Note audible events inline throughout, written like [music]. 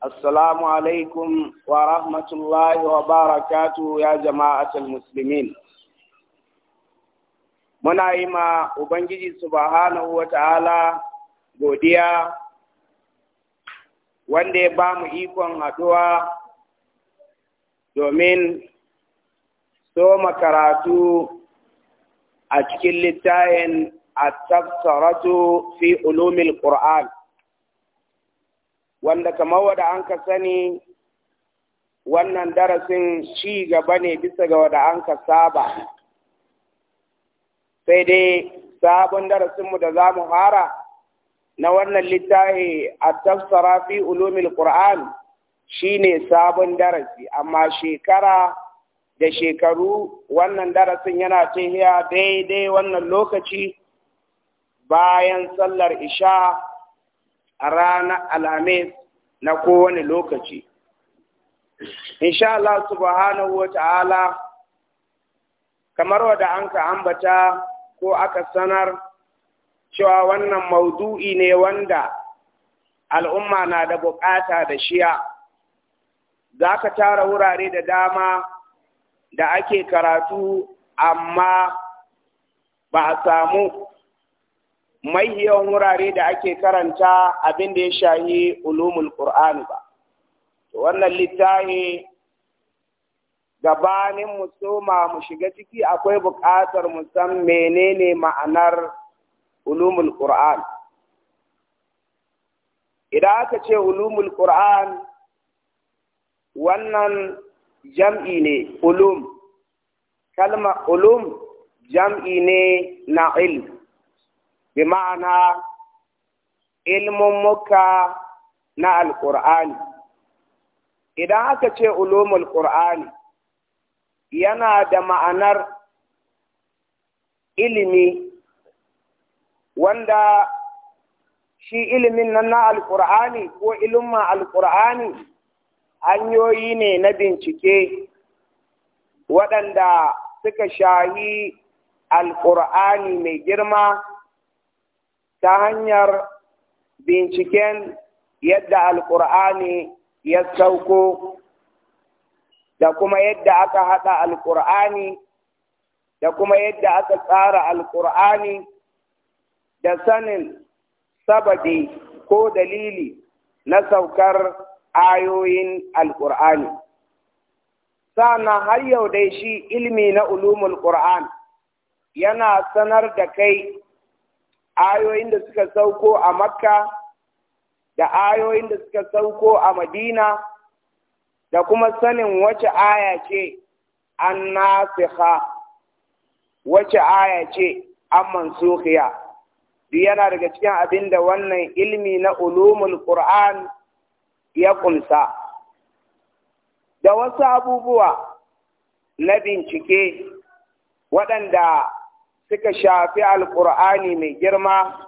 alaikum wa wa wa barakatu ya jama'atul muslimin. muna yi ma Ubangiji subhanahu wa ta'ala godiya wanda ya ba mu ikon haɗuwa domin soma karatu a cikin littayin a tafsaratu fi ulumil Qur'an. wanda kamar wada an ka sani wannan darasin ci gaba ne bisa ga wada an ka saba sai dai sabon darasinmu da za mu fara na wannan littafi a tafsara fi ulumil qur'an shine sabon darasi amma shekara da shekaru wannan darasin yana tahiya daidai wannan lokaci bayan sallar isha a ranar alhamis na kowane lokaci insha Allah subhanahu wa ta'ala kamar wadda an ka ambata ko aka sanar cewa wannan maudu'i ne wanda al'umma na da bukata da shiya za ka tara wurare da dama da ake karatu amma ba a samu mai yawan wurare da ake karanta abin da ya shahi ulumul qur'ani ba wannan littafi gabanin mu soma mu shiga ciki akwai buƙatar mu san menene ma'anar ulumul qur'an idan aka ce ulumul qur'an wannan jam'i ne ulum kalma ulum jam'i ne na ilmi bi ma'ana muka na alƙur'ani idan aka ce ulumul ƙur'ani yana da ma'anar ilimi wanda shi ilimin nan na alƙur'ani ko ilimin alƙur'ani hanyoyi ne na bincike waɗanda suka shahi alƙur'ani mai girma ta hanyar binciken yadda alƙur'ani ya sauko da kuma yadda aka haɗa alƙur'ani da kuma yadda aka tsara alƙur'ani da sanin sababi ko dalili na saukar ayoyin alƙur'ani sannan har yau dai shi ilmi na ulumul ƙur'an yana sanar da kai ayoyin da suka sauko a makka da ayoyin da suka sauko a madina da kuma sanin wace aya ce an wace aya ce an sukhiya duk yana daga cikin abinda wannan ilmi na ulumul qur'an ya ƙumsa. da wasu abubuwa na bincike waɗanda suka shafi alƙur'ani mai girma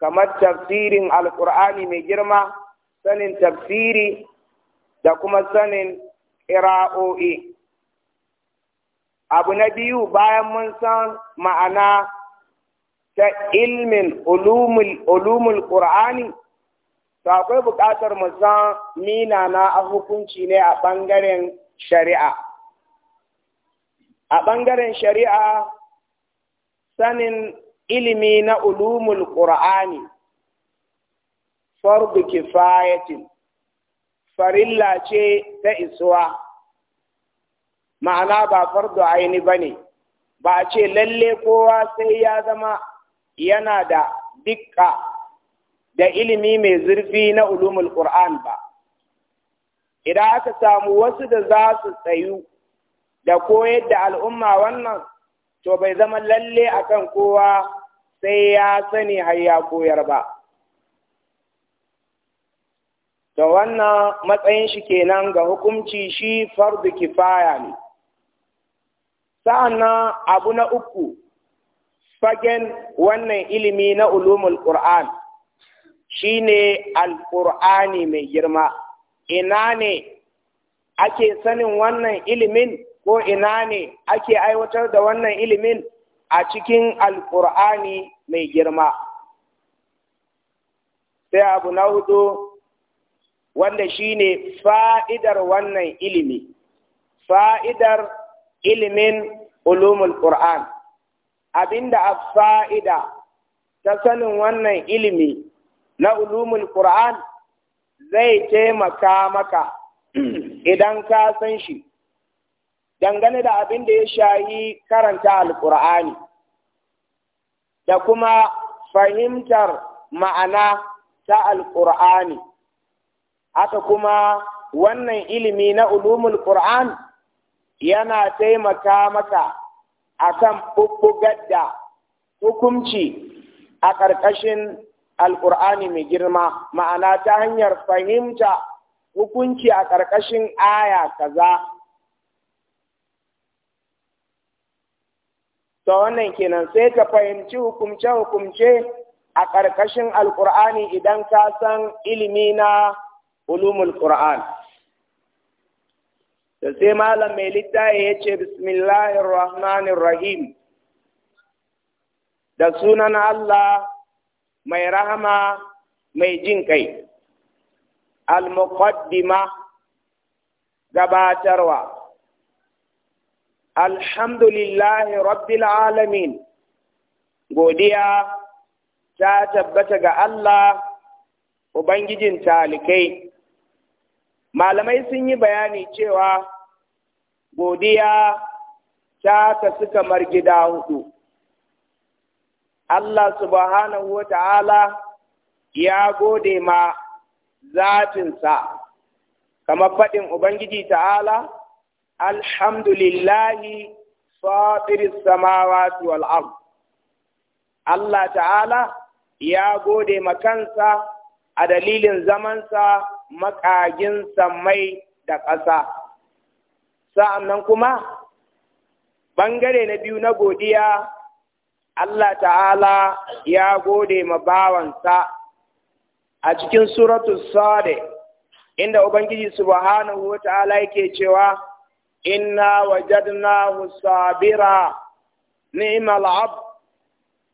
kamar tafsirin alƙur'ani mai girma sanin tafsiri da kuma sanin ƙira'o'i abu na biyu bayan mun san ma'ana ta ilmin ulumul ƙur'ani to akwai buƙatar mu san mina na a hukunci ne a ɓangaren shari'a a ɓangaren shari'a sanin ilimi na ulumul qur'ani fardu kifayatin farilla ce ta isuwa ma'ana ba fardu aini bane ba a ce lalle kowa sai ya zama yana da dikka da ilimi mai zurfi na ulumul qur'an ba idan aka samu wasu da za su tsayu da koyar da al'umma wannan to bai zama lalle akan kowa sai ya sani har ya koyar ba to wannan matsayin shi kenan ga hukunci shi fardu kifaya ne sa'annan abu na uku fagen wannan ilimi na ulumul qur'an shine alqur'ani mai girma ina ne ake sanin wannan ilimin ko ina ne ake aiwatar da wannan ilimin a cikin alkur'ani mai girma sai abu na hudu wanda shine fa'idar wannan ilimi fa'idar ilimin ulumul Qur'an abinda a fa'ida ta sanin wannan ilimi na ulumul Qur'an zai taimaka maka [clears throat] idan ka san shi dangane da abin da ya shayi karanta alkur'ani da kuma fahimtar ma'ana ta alkur'ani haka kuma wannan ilimi na ulumul qur'an yana taimaka maka kan kan da hukunci a ƙarƙashin alkur'ani mai girma ma'ana ta hanyar fahimta hukunci a ƙarƙashin aya kaza to wannan kenan sai ka fahimci hukumce-hukumce a ƙarƙashin alƙur'ani idan ka san ilimi na ulumul ƙur'an da sai malam mai littafi ya ce Rahim. da sunan Allah mai rahama mai jin kai al-muqaddima gabatarwa alhamdulillahi rabbil alamin godiya ta tabbata ga Allah ubangijin talikai malamai sun yi bayani cewa godiya ta suka kamar gida hudu Allah subhanahu wa ta'ala ya gode ma zatinsa, kamar faɗin Ubangiji ta'ala, Alhamdu lillahi samawati wal ard Allah ta'ala ya gode ma kansa a dalilin zamansa maƙaginsa mai da ƙasa. Sa'an kuma, ɓangare na biyu na godiya, Allah ta'ala ya gode ma bawansa a cikin suratu sade inda Ubangiji subhanahu wa ta'ala yake cewa, إنا وجدناه صابرا نعم العبد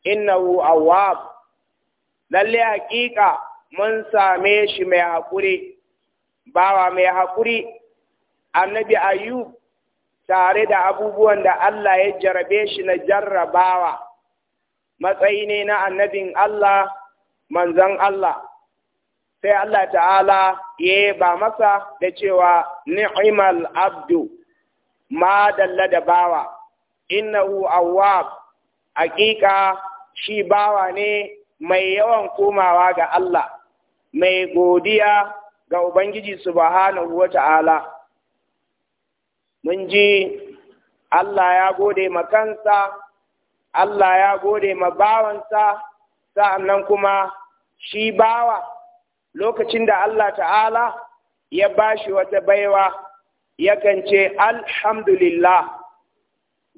إنه أواب للي حقيقة من ساميش مي حقوري باوا mai حقوري النبي ayub tare da abubuwan da Allah ya jarabe shi na jarrabawa matsayi ne na annabin Allah manzon Allah sai Allah ta'ala ya ba masa da cewa ni'imal abdu ma dalla da bawa innahu awwab haƙiƙa shi bawa ne mai yawan komawa ga Allah mai godiya ga Ubangiji subhanahu wa ta'ala mun ji Allah ya gode ma kansa Allah ya gode ma bawansa sa'annan kuma shi bawa lokacin da Allah ta'ala ya bashi wata baiwa yakan ce alhamdulillah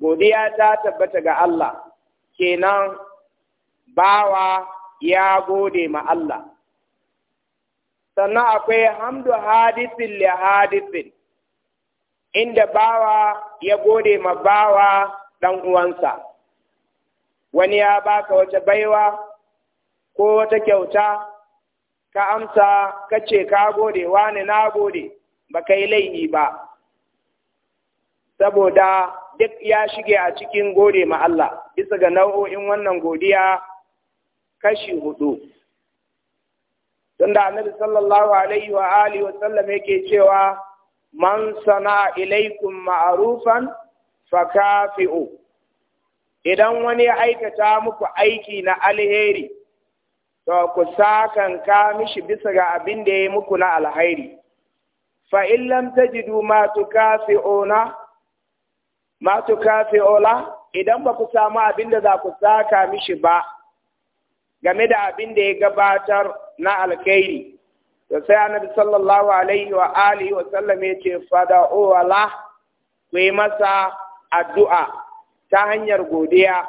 godiya ta tabbata ga Allah kenan bawa ya gode ma Allah sannan akwai hamdu hadisin li hadisin inda bawa ya gode ma bawa ɗan uwansa wani ya baka wata baiwa ko wata kyauta ka amsa kace ka gode wani na gode ba kai laifi ba saboda duk ya shige a cikin gode ma Allah bisa ga nau'o'in wannan godiya kashi hudu tunda annabi sallallahu alaihi wa alihi wa sallam yake cewa man sana ilaikum ma'rufan fakafi'u idan wani ya aikata muku aiki na alheri to ku ka mishi bisa ga abin da ya muku na alheri fa in lam tajidu ma tukafi'una masu kafe ola idan ba ku samu abin da za ku saka mishi ba game da abin da ya gabatar na alkhairi da sai annabi sallallahu alaihi wa alihi wa sallam ya ce fada wala ku yi masa addu'a ta hanyar godiya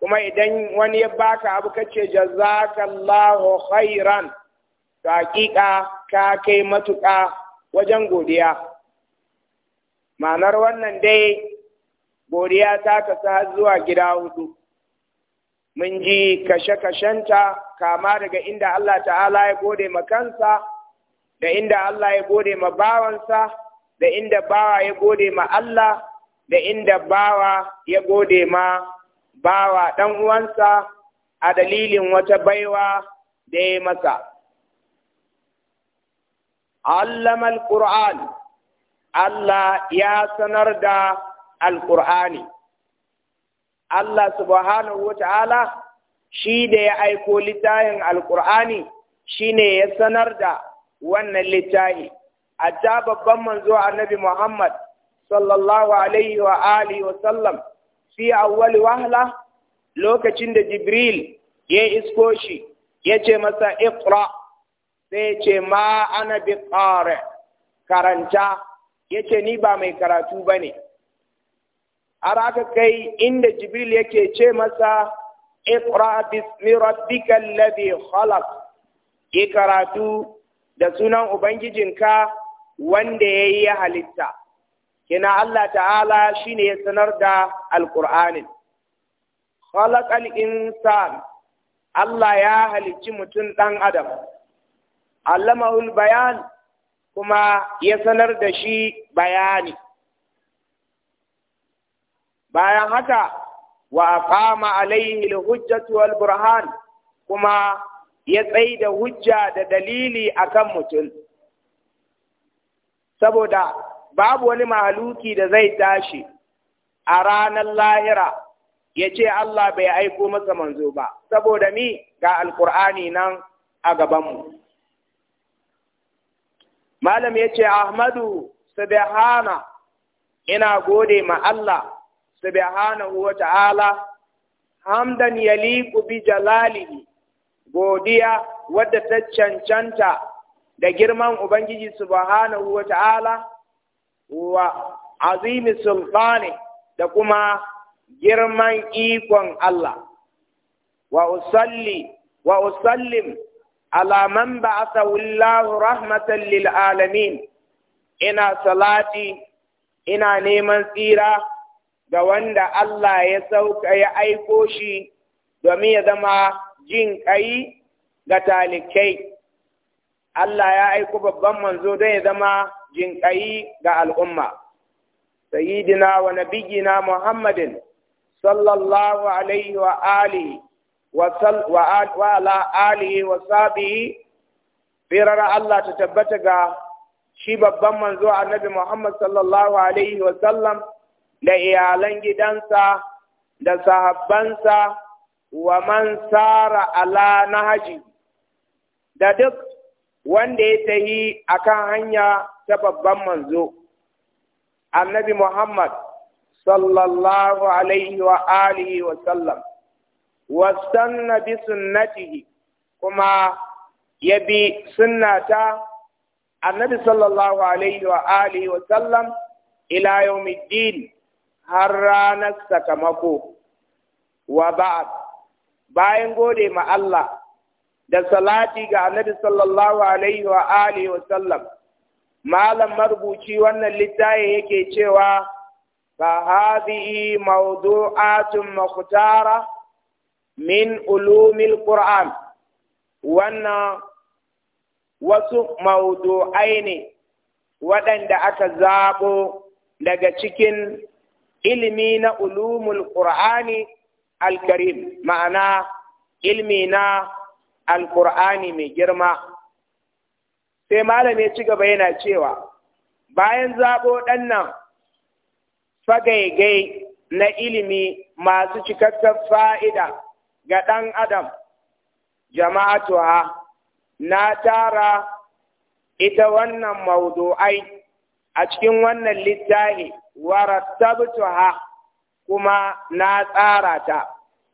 kuma idan wani ya baka abu kace jazakallahu khairan ta hakika ka kai matuƙa wajen godiya Manar wannan dai godiya ta kasa har zuwa gida hudu mun ji kashe-kashenta kama daga inda Allah ta'ala ya gode ma kansa da inda Allah ya gode ma bawansa da inda bawa ya gode ma Allah da inda bawa ya gode ma bawa ɗan uwansa a dalilin wata baiwa da ya masa. Allama al Allah ya sanar da alƙur'ani Allah subhanahu wata'ala shi da ya aiko littafin alƙur'ani shi ne ya sanar da wannan littafi a ta babban manzo annabi Muhammad sallallahu alaihi wa alihi wa sallam fi awwal wahla lokacin da Jibril ya isko shi ya ce masa iqra sai ya ce ma ana bi karanta ya ce ni ba mai karatu bane ne har aka kai inda jibril yake ce masa iqra bismi rabbika alladhi khalaq yi karatu da sunan ubangijinka wanda ya yi halitta kina Allah ta'ala shine ya sanar da alqur'anin khalaqal insan Allah ya halicci mutum ɗan adam allamahul bayan kuma ya sanar da shi bayani bayan haka wa aqama alaihi alhujjatu burhan kuma ya tsai da hujja da dalili akan mutum saboda babu wani mahaluki da zai tashi a ranar lahira ya ce Allah bai aiko masa manzo ba saboda mi ga alkur'ani nan a gabanmu malam ya ce ahmadu subhana ina gode ma Allah subhanahu wa ta'ala hamdan yaliqu bi jalalihi godiya wadda ta cancanta da girman ubangiji subhanahu wa ta'ala wa azimi sultani da kuma girman ikon Allah wa usalli wa usallim ala man ba'athahu rahmatan lil alamin ina salati ina neman tsira ga wanda Allah ya sauka ya aiko shi domin ya zama jin ga talikai. Allah ya aiko babban manzo don ya zama jin ga al'umma. Sayyidina wa nabiyina Muhammadin sallallahu alaihi wa alihi wa ala alihi wa sabihi firar Allah ta tabbata ga shi babban manzo annabi Muhammad sallallahu alaihi wa sallam da iyalan gidansa da sahabbansa wa man sara ala nahaji da duk wanda ya tahi akan hanya ta babban manzo annabi Muhammad sallallahu alaihi wa alihi wa sallam sanna bi sunnatihi kuma ya bi sunnata annabi sallallahu alaihi wa alihi wa sallam ila yawmiddin har ranar sakamako wa ba'ad bayan gode ma Allah da salati ga annabi sallallahu alaihi wa alihi wa sallam malam marubuci wannan littafi yake cewa fa hadhihi mawdu'atun mukhtara min ulumil qur'an wannan wasu mawdu'ai ne waɗanda aka zaɓo daga cikin ilimi na ulumul qur'ani al ma'ana ilimi na Alƙur'ani mai girma sai malami ci gaba yana cewa bayan zabo ɗannan fagaigai na ilimi masu cikakken fa'ida ga ɗan adam jama'atuwa na tara ita wannan maudu'ai a cikin wannan littafi warattabtuha kuma na tsara ta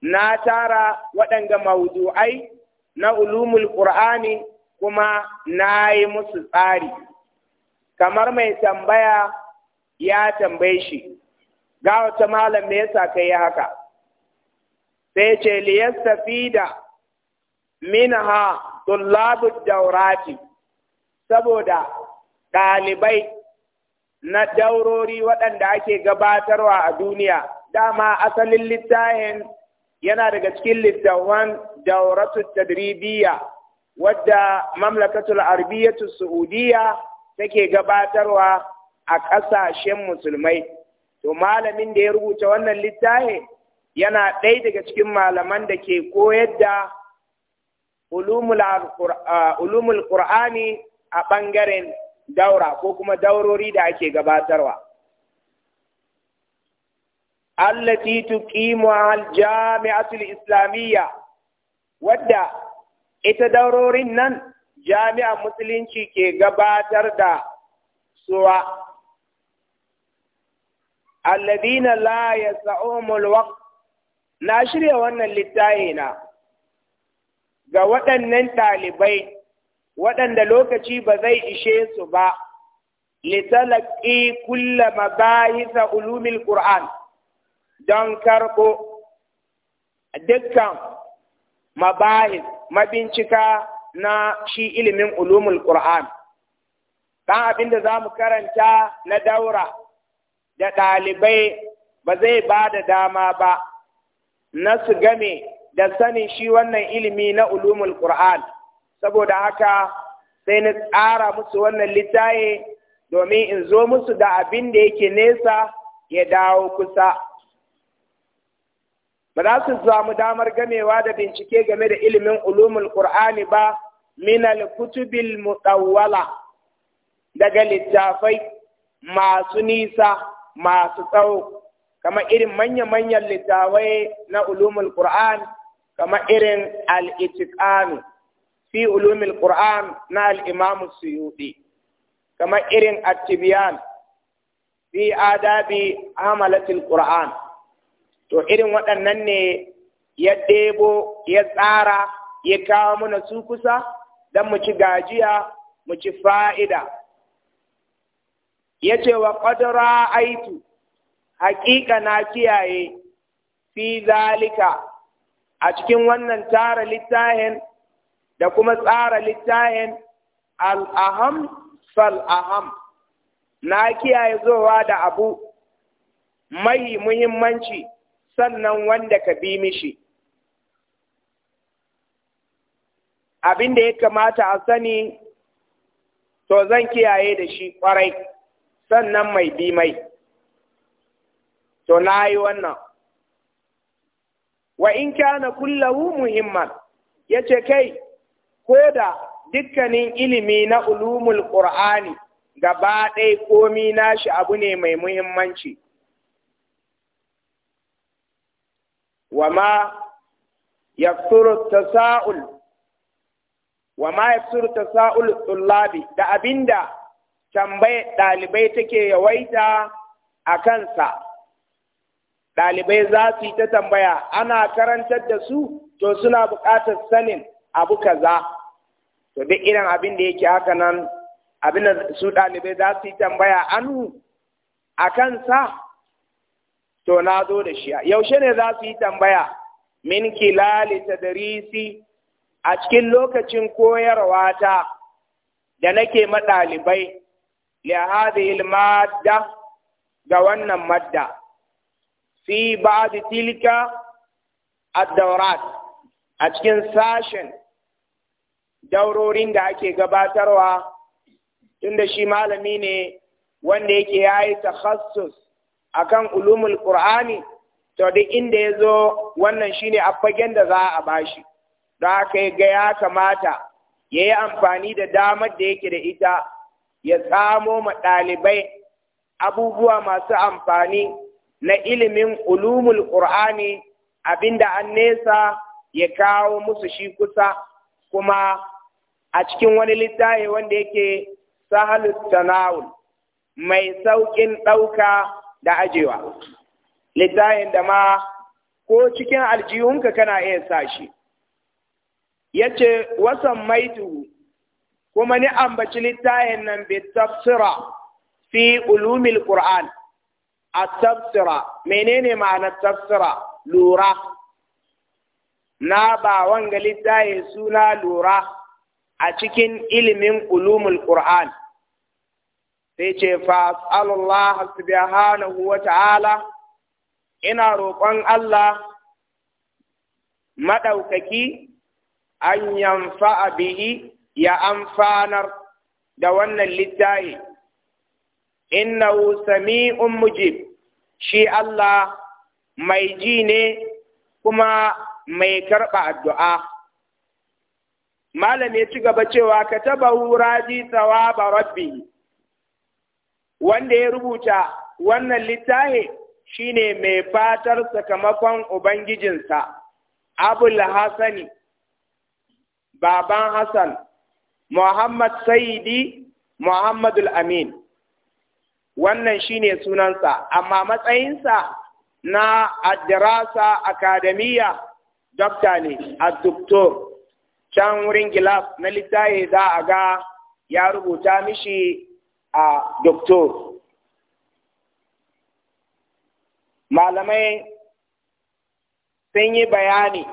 na tara waɗanda mawdu'ai na ulumul qur'ani kuma na yi musu tsari kamar mai tambaya ya tambaye shi ga wata malam me yasa kai haka sai ce liyastafida minha tullabud daurati saboda ɗalibai na daurori waɗanda ake gabatarwa a duniya dama asalin littafin yana daga cikin littafan dauratu tadribiya wadda mamlakatul arbiyatu saudiya take gabatarwa a ƙasashen musulmai to malamin da ya rubuta wannan littafin yana ɗaya daga cikin malaman da ke koyar da ulumul qur'ani a ɓangaren daura ko kuma daurori da ake gabatarwa allati tuqimu al jami'atul islamiyya wadda ita daurorin nan jami'a musulunci ke gabatar da suwa alladina la yas'umul waqt na shirya wannan na ga waɗannan ɗalibai waɗanda lokaci ba zai ishe su ba litalaƙi kulla mabahisa ulumil qur'an don karɓo dukkan mabahis mabincika na shi ilimin ulumul qur'an ɗan abin da za mu karanta na daura da ɗalibai ba zai ba da dama ba na su game da sanin shi wannan ilimi na ulumul qur'an saboda haka sai na tsara musu wannan littaye domin in zo musu da abin da yake nesa ya dawo kusa ba za su samu damar gamewa da bincike game da ilimin ulumul qur'ani ba minal kutubil mutawwala daga littafai masu nisa masu tsawo kama irin manya-manyan littafai na ulumul Kur'ani, kama irin al fi ulumil qur'an na al-imam suyuti kamar irin attibiyan, tibyan fi adabi hamalatil qur'an to irin waɗannan ne ya ɗebo ya tsara ya kawo mana su kusa don mu ci gajiya mu ci fa'ida ya ce wa ƙadara aitu haƙiƙa na kiyaye fi zalika a cikin wannan tara littahin da kuma tsara littayin al'aham fal'aham na kiyaye zowa da abu mai muhimmanci sannan wanda ka bi mishi abin da ya kamata a sani to zan kiyaye da shi kwarai sannan mai bi mai to na yi wannan wa in kana kullahu muhimman ya ce kai ko da dukkanin ilimi na ulumul ƙur'ani gaba ɗaya komi nashi abu ne mai muhimmanci wama yaksuru tasa'ul wama yaksuru tasa'ul tullabi da abinda tambaye ɗalibai take yawaita a kansa ɗalibai za su yi ta tambaya ana karantar da su to suna buƙatar sanin abu kaza to duk irin abin da yake haka nan abin da su ɗalibai za su yi tambaya anu a kansa to na zo da shi yaushe ne za su yi tambaya min kilali darisi a cikin lokacin koyarwa ta da nake maɗalibai li hadhihi madda ga wannan madda fi ba'd tilka ad-dawrat a cikin sashen daurorin da ake gabatarwa tunda shi malami ne wanda yake ya yi takhassus akan ulumul qur'ani to duk inda ya zo wannan shine afagen da za a bashi don haka ga ya kamata ya yi amfani da damar da yake da ita ya samo ma ɗalibai abubuwa masu amfani na ilimin ulumul qur'ani abinda an nesa ya kawo musu shi kusa kuma a cikin wani littafi wanda yake sahalus tanawul mai saukin ɗauka da ajewa littafin da ma ko cikin aljihunka kana iya sa shi yace wasan maitu kuma ni ambaci littafin nan bi tafsira fi ulumil qur'an a tafsira menene ma'anar tafsira lura na ba wanga littafin suna lura a cikin ilimin ulumul Qur'an sai ce fas'alullah subhanahu wa ta'ala ina roƙon Allah maɗaukaki an yamfa bihi ya amfanar da wannan littafi innahu sami'un mujib shi Allah mai ji ne kuma mai karɓa addu'a. malam ya ci gaba cewa ka taba raji ba rabbi wanda ya rubuta wannan littafi shine mai fatar sakamakon ubangijinsa abul hasani baban hassan muhammad sayidi muhammadul amin wannan shine sunansa amma matsayinsa na adirasa akademiya dokta ne a can wurin gilas na littaye za a ga ya rubuta mishi a doktor malamai sun yi bayani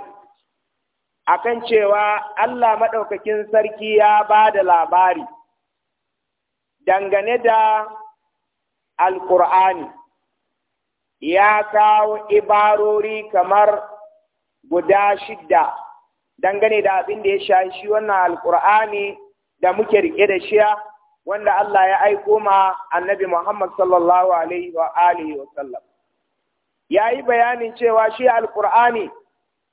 A kan cewa Allah maɗaukakin sarki ya ba da labari dangane da Alƙur'ani ya kawo ibarori kamar guda shidda dangane da abin da ya shahi shi wannan alkur'ani da muke rike da shiya wanda Allah ya aiko ma annabi Muhammad sallallahu alaihi wa alihi wa sallam yayi bayanin cewa shi alkur'ani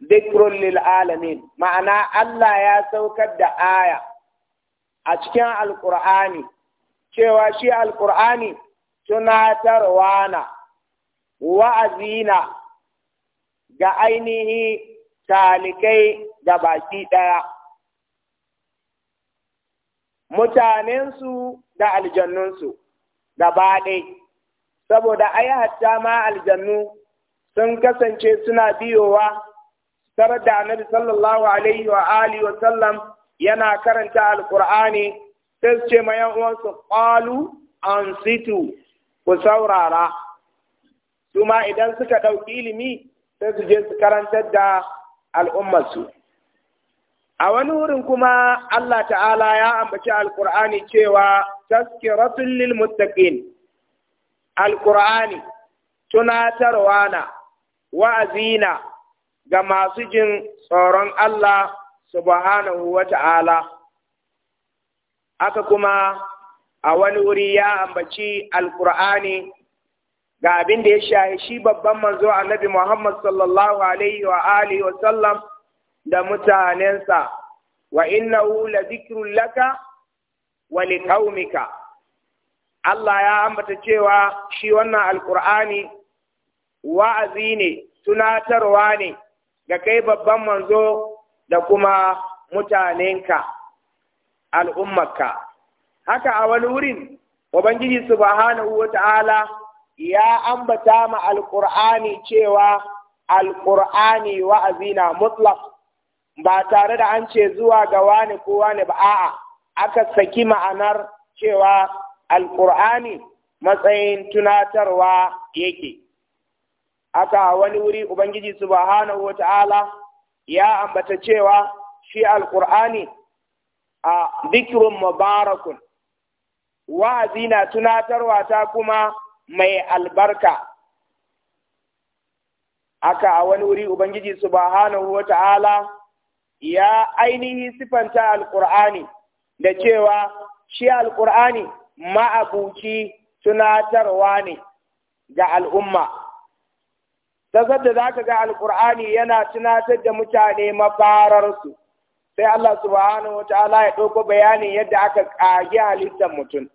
dhikrun lil alamin ma'ana Allah ya saukar da aya a cikin alkur'ani cewa shi alkur'ani tunatarwa na wa'azina ga ainihi talikai Da baki ɗaya. Mutanensu da aljannunsu gaba ɗaya, saboda ai hatta ma aljannu sun kasance suna biyowa tare da annabi sallallahu alaihi wa alihi wa sallam yana karanta alkur'ani sai su ce ma yan uwansu qalu ansitu ku saurara su idan suka ɗauki ilimi sai su je su karantar da al'ummarsu a wani wurin kuma Allah ta'ala ya ambaci alkur'ani cewa taskiratun lil Alƙur'ani alkur'ani tunatarwa na wa'azina ga masu jin tsoron Allah subhanahu wa ta'ala aka kuma a wani wuri ya ambaci alkur'ani ga abin da ya shahi shi babban manzo annabi Muhammad sallallahu alaihi wa alihi wa sallam da mutanensa wa hu la zikrun laka wa liqaumika Allah ya ambata cewa shi wannan alkur'ani wa'azi ne tunatarwa ne ga kai babban manzo da kuma mutanenka al'ummarka haka a wani wurin ubangiji subhanahu ta'ala ya ambata ma Alƙur'ani cewa Alƙur'ani wa'azi na mutlaq ba tare da an ce zuwa ga wani ko wani ba a'a aka saki ma'anar cewa alƙur'ani matsayin tunatarwa yake aka wani wuri ubangiji subhanahu wata'ala ya ambata cewa shi alƙur'ani a dikirun mubarakun wa'azi na tunatarwa ta kuma mai albarka aka a wani wuri ubangiji subhanahu wata'ala ya ainihi sifanta alƙur'ani da cewa shi alƙur'ani ma'abuci tunatarwa ne ga al'umma. Ta da za ka ga alƙur'ani yana tunatar da mutane mafararsu, sai Allah subhanahu wa ta'ala ya ɗauko bayanin yadda aka kage halittar mutum.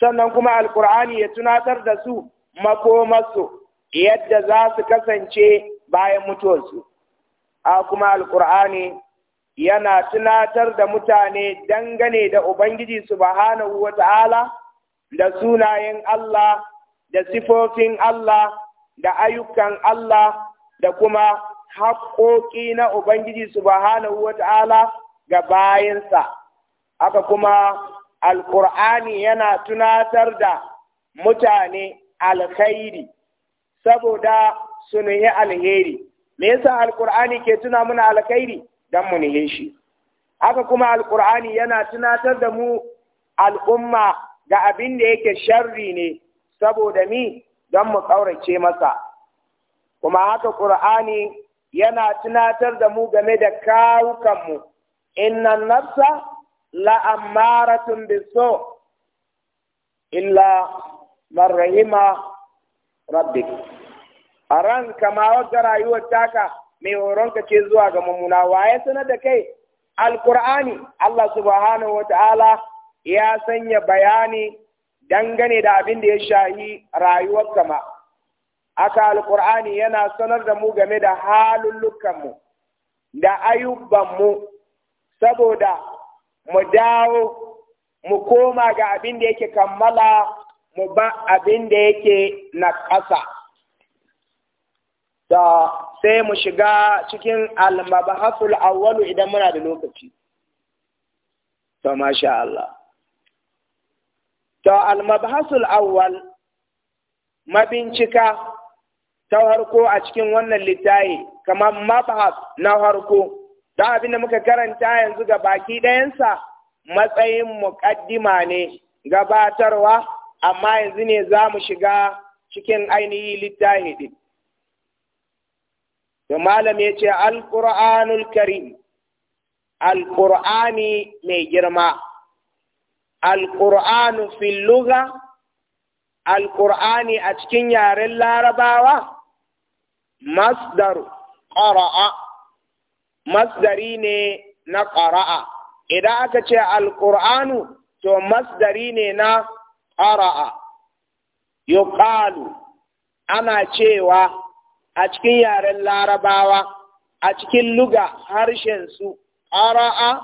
Sannan kuma alƙur'ani ya tunatar da su makomarsu yadda za su kasance bayan mutuwarsu. A kuma alƙur'ani yana tunatar da mutane dangane da Ubangiji subhanahu wa ta'ala da sunayen Allah da sifofin Allah da ayyukan Allah da kuma haƙoƙi na Ubangiji subhanahu wa ta'ala ga bayansa. Haka kuma Alƙur'ani yana tunatar da mutane alkhairi saboda su alheri. Me yasa Alƙur'ani ke tuna mana alkhairi? dan mu ne shi haka kuma alqur'ani yana tunatar da mu al'umma ga abin da yake sharri ne saboda mi don mu ƙaurace masa kuma haka qur'ani yana tunatar da mu game da kawukanmu inna nafsa la'ammaratun biso illa marrahima rabbik a ran ma wata rayuwar taka mai ka ce zuwa ga mummuna waye sanar da kai alkur'ani Allah subhanahu ta'ala ya sanya bayani dangane da abin da ya shahi rayuwar kama aka alkur'ani yana sanar da mu game da halullukanmu da ayyubanmu saboda mu dawo mu koma ga abin da yake kammala mu ba abin da yake na ƙasa. sai mu shiga cikin al-mabahatul awwalu idan muna da lokaci to masha Allah to al-mabahatul awwal mabincika ta harko a cikin wannan littayi kamar mabahat na harko da abinda muka karanta yanzu ga baki ɗayansa matsayin muƙaddima ne gabatarwa amma yanzu ne za mu shiga cikin ainihi littafi din da malam ya ce alƙur'anul karim alƙur'ani mai girma alƙur'anu fil alƙur'ani a cikin yaren larabawa masdar ƙara'a masdari ne na ƙara'a idan aka ce alƙur'anu to masdari ne na ƙara'a yuqalu ana cewa a cikin yaren larabawa a cikin luga harshen su ƙara'a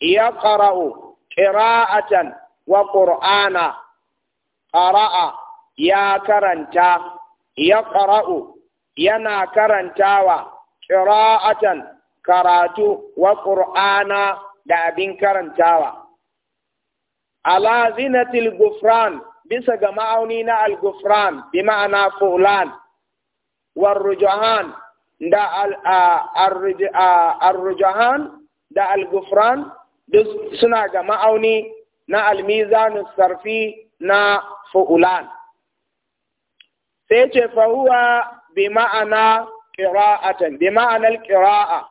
ya ƙara'u ƙira'atan wa ƙur'ana ƙara'a ya karanta ya ƙara'u yana karantawa ƙira'atan karatu wa ƙur'ana da abin karantawa. Ala zinatil gufran bisa ga ma'auni na al-gufran bi ma'ana fulan والرجعان دع الرج الرجعان دع الغفران سنا جمعوني نا الميزان الصرفي نا فؤلان سيجي فهو بمعنى قراءة بمعنى القراءة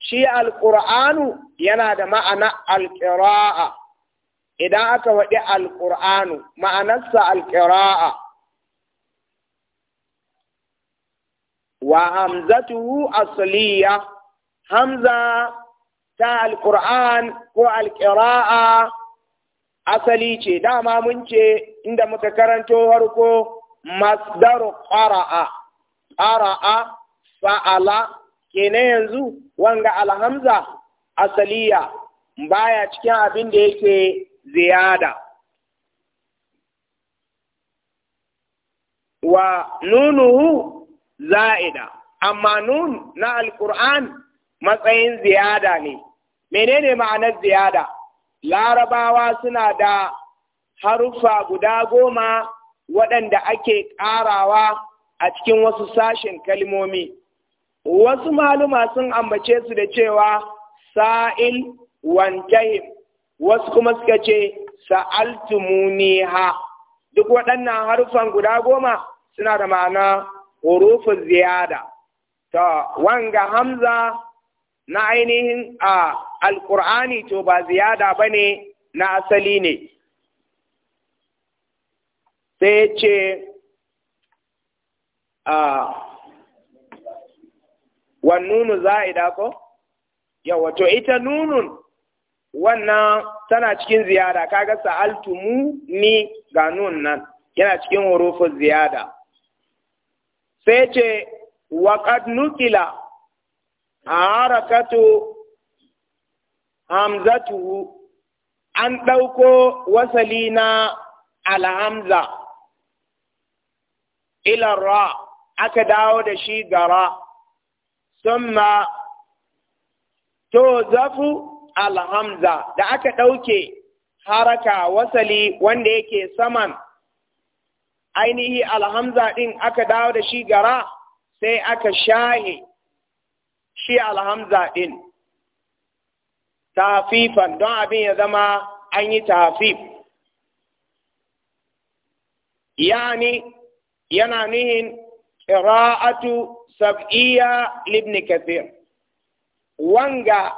شيء القرآن ينادى معنى القراءة إذا أتى القرآن معنى القراءة, معنى القراءة wa hamzatu asliya hamza ta alqur'an ko alqira'a asali ce dama mun ce inda muka karanto harko masdaru qara'a qara'a fa'ala kenan yanzu wanga alhamza asaliya baya cikin abin da yake ziyada wa nunuhu za'ida amma nun na Alƙur'an matsayin ziyada ne menene ma'anar ziyada larabawa suna da haruffa guda goma waɗanda ake ƙarawa a cikin wasu sashen kalmomi wasu maluma sun ambace su da cewa sa'il wantahim wasu kuma suka ce sa'altumuniha duk waɗannan harufan guda goma suna da ma'ana hurufin ziyada to wanga hamza na ainihin a alkur'ani to ba ziyada ba ne na asali ne sai ce a wannunu za'ida ko yawa to ita nunun wannan tana cikin ziyada kaga sa'altumu ni ga nun nan yana cikin hurufin ziyada sai ce nukila qad nukila harakatu hamzatu an ɗauko wasali na alhamza ila ra aka dawo da shi gara summa to zafu alhamza da aka ɗauke haraka wasali wanda yake saman ainihi alhamza ɗin aka dawo da shi gara sai aka shahe shi alhamza ɗin tafifan don abin ya zama an yi tafif yani yana nihin ƙira'atu sab'iyya libni kathir wanga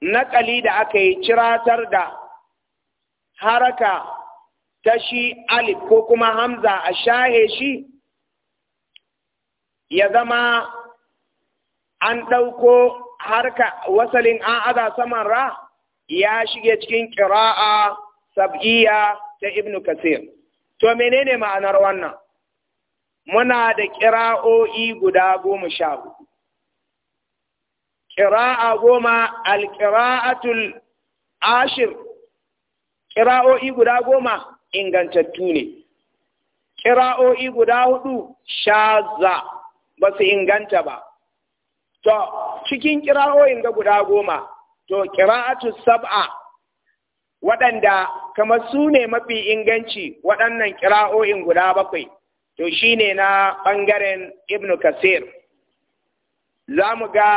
naƙali da aka yi ciratar da haraka ta shi alif ko kuma hamza a shahe shi ya zama an ɗauko harka wasalin an aza saman ra ya shige cikin ƙira'a sab'iyya ta ibnu kasir to menene ma'anar wannan muna da ƙira'o'i guda goma sha hudu ƙira'a goma alƙira'atul ashir ƙira'o'i guda goma ingantattu ne kira'o'i guda hudu shaza ba su inganta ba to cikin kira'o'in ga guda goma to kira'atu sab'a waɗanda kamar su ne mafi inganci waɗannan kira'o'in guda bakwai to shine na ɓangaren ibn kasir za mu ga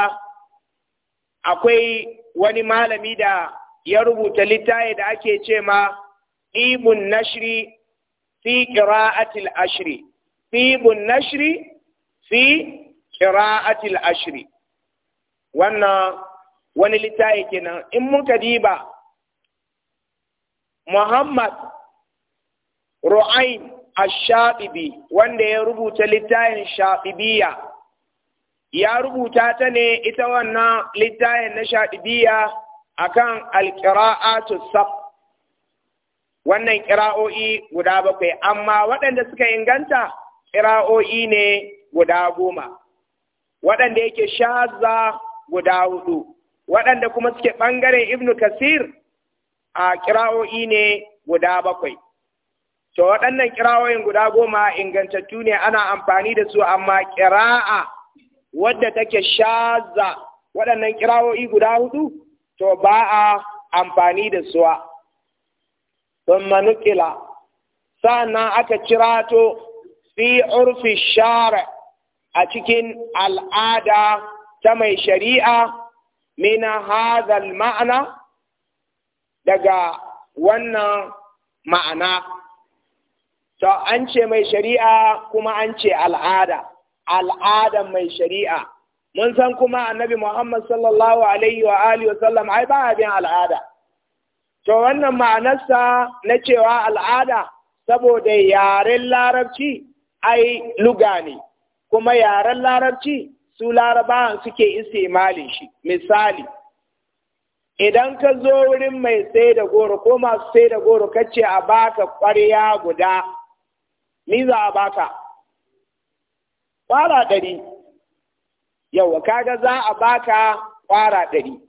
akwai wani malami da ya rubuta littaye da ake ce ma tibun nashri fi qira'atil ashri ashri wannan wani littafi kenan in muka diba Muhammad Ru'ayn Ash-Shafibi wanda ya rubuta littafin Shafibiya ya rubuta ta ne ita wannan littafin na Shafibiya akan al-qira'atu sab wannan ƙira'o'i guda bakwai amma waɗanda suka inganta ƙira'o'i ne guda goma waɗanda yake shaza guda hudu waɗanda kuma suke ɓangaren ibnu kasir a ƙira'o'i ne guda bakwai to waɗannan ƙira'o'in guda goma ingantattu ne ana amfani da su amma ƙira'a wadda take shaza waɗannan ƙira'o'i guda hudu to ba a amfani da suwa ثم نقل سأنا أكتراتو في عرف الشارع أتكن العادة تمي شريعة من هذا المعنى دقا wannan ma'ana, to an ce mai shari'a kuma an ce al'ada, al'ada mai shari'a, mun san kuma annabi Muhammad sallallahu Alaihi wa Alihi wasallam ai ba bin al'ada, To wannan ma'anarsa na cewa al'ada saboda yaren larabci ai luga ne, kuma yaren larabci su larabawan suke imali shi. Misali, idan ka zo wurin mai sai da goro ko masu sai da goro kace a baka ƙwarya guda, ni za a baka? Ƙwara ɗari, yau kaga za a baka ƙwara ɗari.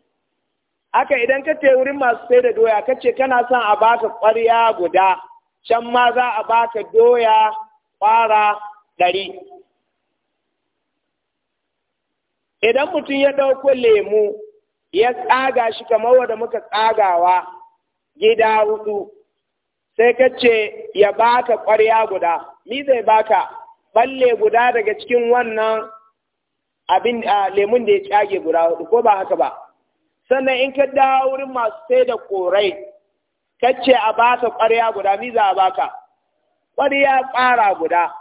aka idan ka ce wurin masu sai da doya ka ce kana son a baka ƙwarya guda can ma za a baka doya ƙwara ɗari idan mutum ya ɗauko lemu ya tsaga shi kamar wanda muka tsagawa gida hudu sai ka ce ya baka ƙwarya guda ni zai baka balle guda daga cikin wannan abin lemun da ya tsage guda hudu ko ba haka ba sannan in ka dawo wurin masu sai da korai kace a ba ta ƙwarya guda ni za a baka ƙwarya ƙara guda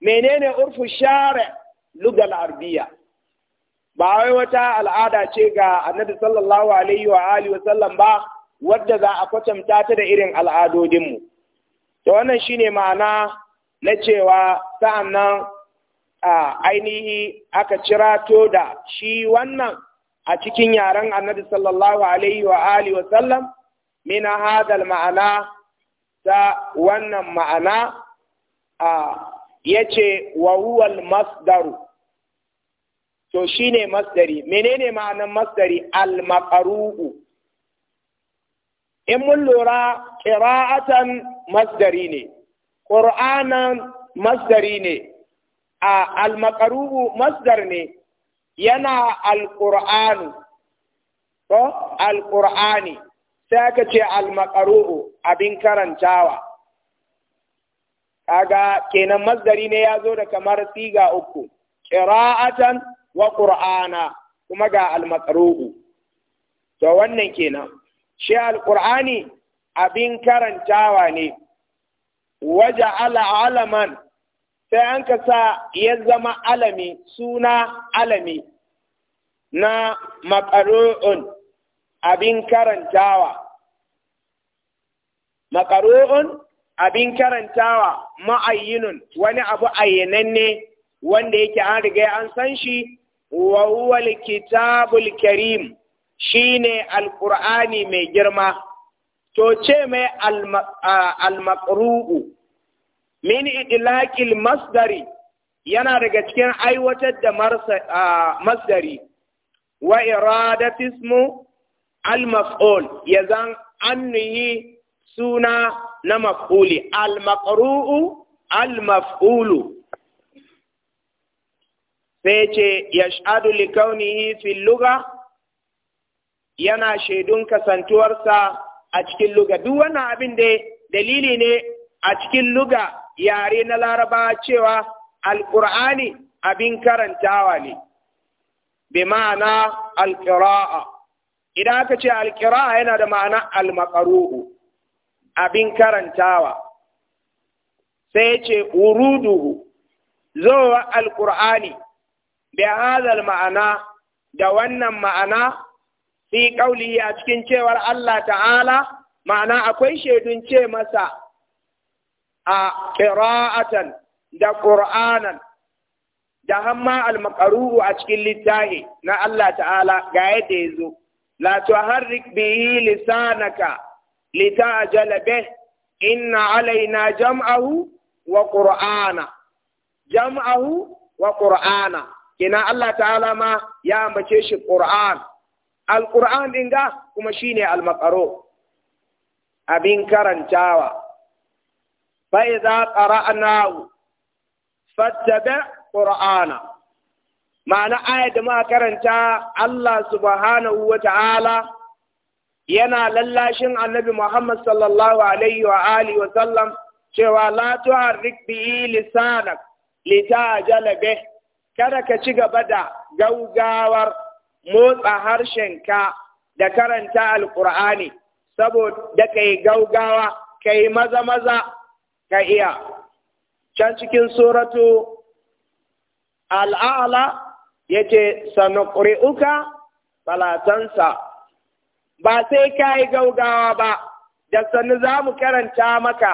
menene urfu share lugal arbiya ba wai wata al'ada ce ga annabi sallallahu alaihi wa alihi wa sallam ba wadda za a kwatanta ta da irin al'adodinmu to wannan shine ma'ana na cewa sa'annan a ainihi aka cirato da shi wannan a cikin yaren annabi sallallahu alaihi wa alihi wa sallam min hadal ma'ana ta wannan ma'ana a yace wa huwal masdaru to shine masdari menene ma'anan masdari al maqru'u in mun lura qira'atan masdari ne qur'anan masdari ne a al maqru'u masdar ne yana alƙur'anu ko alƙur'ani sai aka ce almaƙaru'u abin karantawa kaga kenan mazdari ne ya zo da kamar siga uku qira'atan wa qur'ana kuma ga almaqru'u to wannan kenan shi alqur'ani abin karantawa ne waja ala alaman sai an ka sa ya zama alami suna alami na maƙaru'un abin karantawa Makaro'un abin karantawa ma'ayyinun wani abu ayyananne wanda yake an riga an san shi wa huwa kitabul karim shine alqur'ani mai girma to ce mai al min idlaqil masdari yana daga cikin aiwatar da masdari wa iradat ismu al maf'ul yazan annihi suna na maf'uli al maqru'u al maf'ulu sai yash'adu li kaunihi fil lugha yana shaidun kasantuwarsa a cikin lugha duk wannan abin da dalili ne a cikin luga yare na laraba cewa alƙur'ani abin karantawa ne bi ma'ana alƙira'a idan aka ce alƙira'a yana da ma'ana almakaruhu abin karantawa sai ce wuruduhu zowa alƙur'ani bi hadal ma'ana da wannan ma'ana fi ƙaulihi a cikin cewar Allah ta'ala ma'ana akwai shaidun ce masa a kira'atan da qur'anan da hamma al-maqru'u a cikin littahi na Allah ta'ala ga yadda yazo la tuharrik bihi lisanaka litajala bih inna alaina jam'ahu wa qur'ana jam'ahu wa ƙur'ana. Ina Allah ta'ala ma ya ambace shi qur'an al-qur'an ga kuma shine al-maqru abin karantawa فإذا قرأناه فاتبع قرآنا معنى آية ما karanta Allah سبحانه وتعالى ينا للاشن النبي محمد صلى الله عليه وآله وسلم cewa la tuharrik bihi lisanak litajala bih kada ka ci gaba da gaugawar motsa harshenka da karanta Alƙur'ani, saboda kai gaugawa kai maza maza ka iya can cikin suratu al'ala yace sanuqri'uka fala falatansa ba sai ka yi gaugawa ba da sannu za mu karanta maka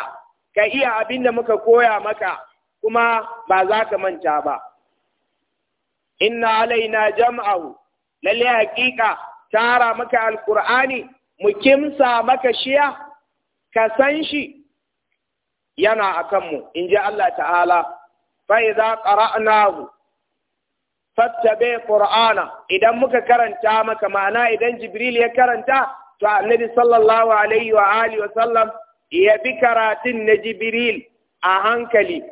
ka iya abin da muka koya maka kuma ba za ka manta ba inna alaina jam'ahu lalle hakika tara maka Alƙur'ani? mu kimsa maka shiya ka san shi yana a kanmu in ji Allah ta'ala fa'iza ƙara'nahu fattabe ƙura’ana, idan muka karanta maka ma'ana idan jibril ya karanta to annabi sallallahu alaihi wa Ali wa sallam ya bi karatun na jibril a hankali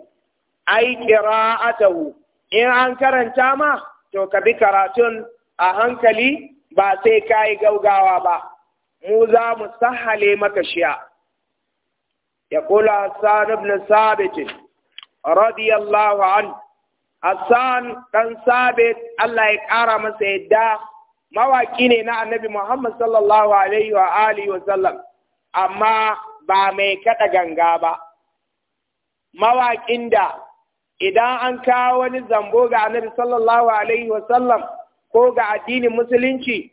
ai qira'atahu in an karanta ma to ka bi karatun a hankali ba sai ka yi gaugawa ba, mu za mu sahale maka shiya, يقول حسان بن ثابت رضي الله عنه حسان بن ثابت الله يقرأ مسيدا mawaki ne na annabi Muhammad sallallahu alaihi wa alihi wa sallam amma ba mai kada ganga ba mawakin da idan an kawo wani zambo ga annabi sallallahu alaihi wa sallam ko ga addinin musulunci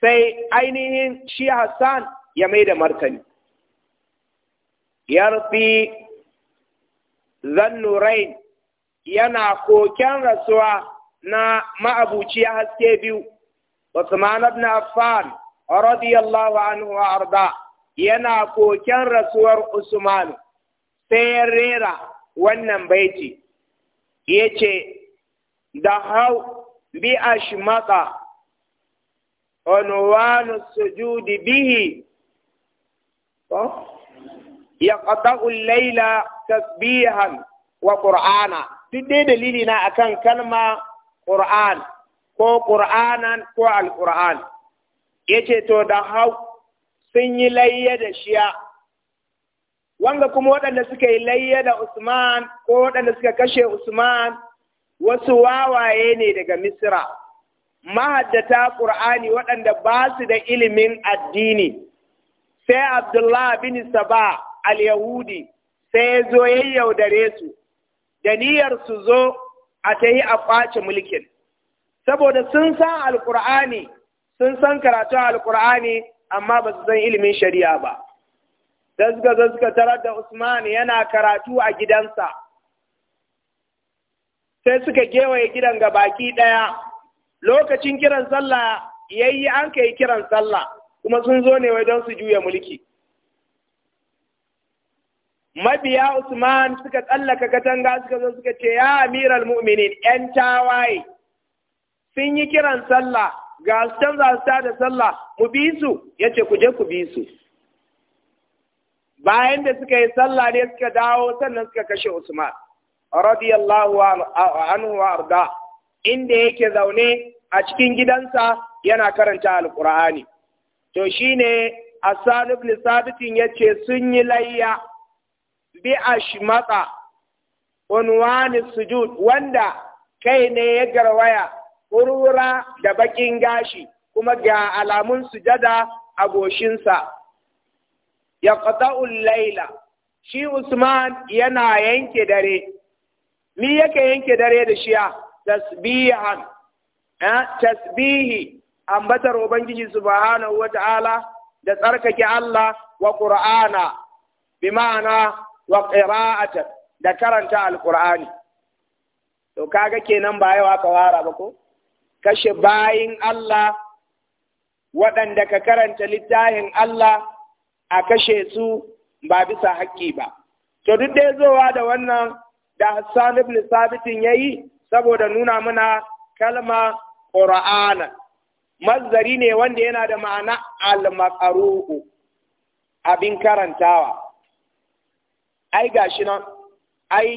sai ainihin shi Hassan ya mai da martani yarfi zannurain yana koken rasuwa na ma'abuci haske biyu Usman ibn Affan radiyallahu anhu wa arda yana koken rasuwar Usman sai ya rera wannan baiti yace da hau bi ashmaqa unwanu sujudi bihi oh. yaqta'u al-laila tasbihan wa qur'ana duk dai dalili na akan kalma qur'an ko qur'anan ko al-qur'an yace to da hau sun yi layya da shiya wanga kuma waɗanda suka yi layya da Usman ko waɗanda suka kashe Usman wasu wawaye ne daga Misra mahaddata Qur'ani waɗanda ba su da ilimin addini sai Abdullah bin Saba al-yahudi sai ya zo ya yaudare su da niyyar su zo a ta yi a ƙwace mulkin saboda sun san alkur'ani sun san karatun alkur'ani amma ba su san ilimin shari'a ba da suka zo da usman yana karatu a gidansa sai suka gewaye gidan ga baki ɗaya lokacin kiran sallah yayi an kai kiran sallah kuma sun zo ne wai don su juya mulki mabiya Usman suka tsallaka katanga suka zo suka ce ya amiral mu'minin ‘yan tawaye sun yi kiran sallah ga su canza su da sallah mu bi su ya ce ku je ku bi su bayan da suka yi sallah ne suka dawo sannan suka kashe Usman radiyallahu anhu wa arda inda yake zaune a cikin gidansa yana karanta alkur'ani to shine Hassan ibn Sabitin yace sun yi layya bi ashmata unwani sujud wanda kai ne ya garwaya wurwura da bakin gashi kuma ga alamun sujada a goshinsa ya laila shi Usman yana yanke dare ni yake yanke dare da shiya tasbihan tasbihi ambatar ubangiji subhanahu ta'ala da tsarkake Allah wa qur'ana bi ma'ana wa da karanta alqur'ani to kaga kenan ba yawa ka wara ba ko kashe bayin Allah waɗanda ka karanta littafin Allah a kashe su ba bisa haƙƙi ba to duk da zowa da wannan da Hassan ibn Sabitin yayi saboda nuna mana kalma Qur'ana mazari ne wanda yana da ma'ana al-maqru'u abin karantawa ai gashi nan ai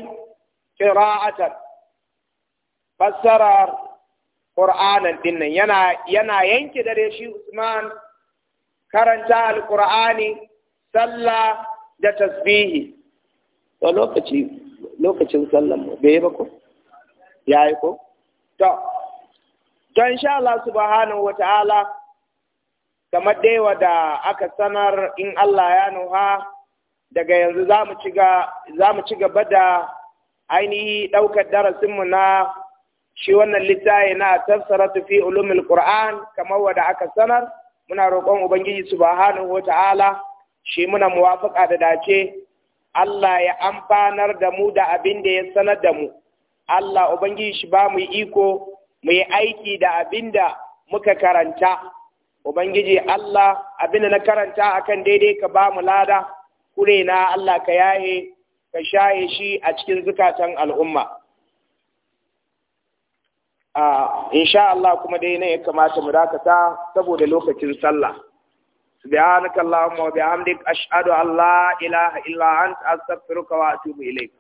qira'atan fassarar qur'anan din yana yana yanke dare shi Usman karanta alqur'ani sallah da tasbihi to lokaci lokacin sallan mu bai ba ko yayi ko to to insha Allah subhanahu wataala kamar dai da aka sanar in Allah ya nuha daga yanzu za mu ci gaba da ainihi ɗaukar darasinmu na shi wannan littafi na tafsiratu fi ulumin qur'an kamar wadda aka sanar muna roƙon ubangiji subhanahu ta'ala. shi muna muwafaƙa da dace Allah ya amfanar da mu da abin da ya sanar da mu Allah ubangiji shi ba mu iko mu yi aiki da abin da muka karanta ubangiji Allah abin da na karanta akan daidai ka ba mu lada kure na Allah ka yaye ka shaye shi a cikin zukatan al'umma a insha Allah kuma dai ne ya kamata mu dakata saboda lokacin sallah subhanakallahumma wa bihamdik ashhadu an la ilaha illa anta astaghfiruka wa atubu ilayk.